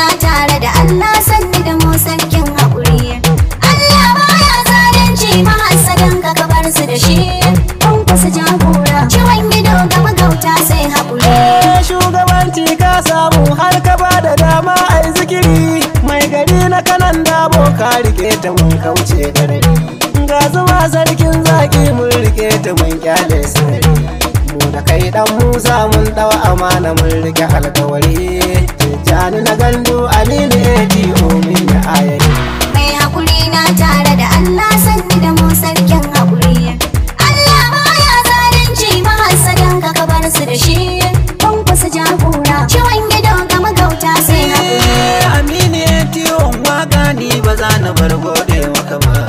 na tare da Allah sanni da mu sarkin haƙuri Allah baya zalunci mahassadan ka ka bar su da shi kun kusa jagora ciwon gido ga magauta sai haƙuri eh, shugabanci ka samu har ka ba da dama ai zikiri mai gari na kanan dabo ka rike ta mun kauce garari ga zuma sarkin zaki mun rike ta mun kyale sarari mu da kai dan musa mun dawa amana mun rike alkawari jani na gandu aminu ADO min ya ayayi. mai hakuri na tare da Allah sanni da mu sarkin hakuri Allah baya zalunci mahasadan ka ka bar su da shi kun kusa jagora ciwon gido ga magauta sai hakuri eh, aminu ADO waka ni ba za na bar gode maka ba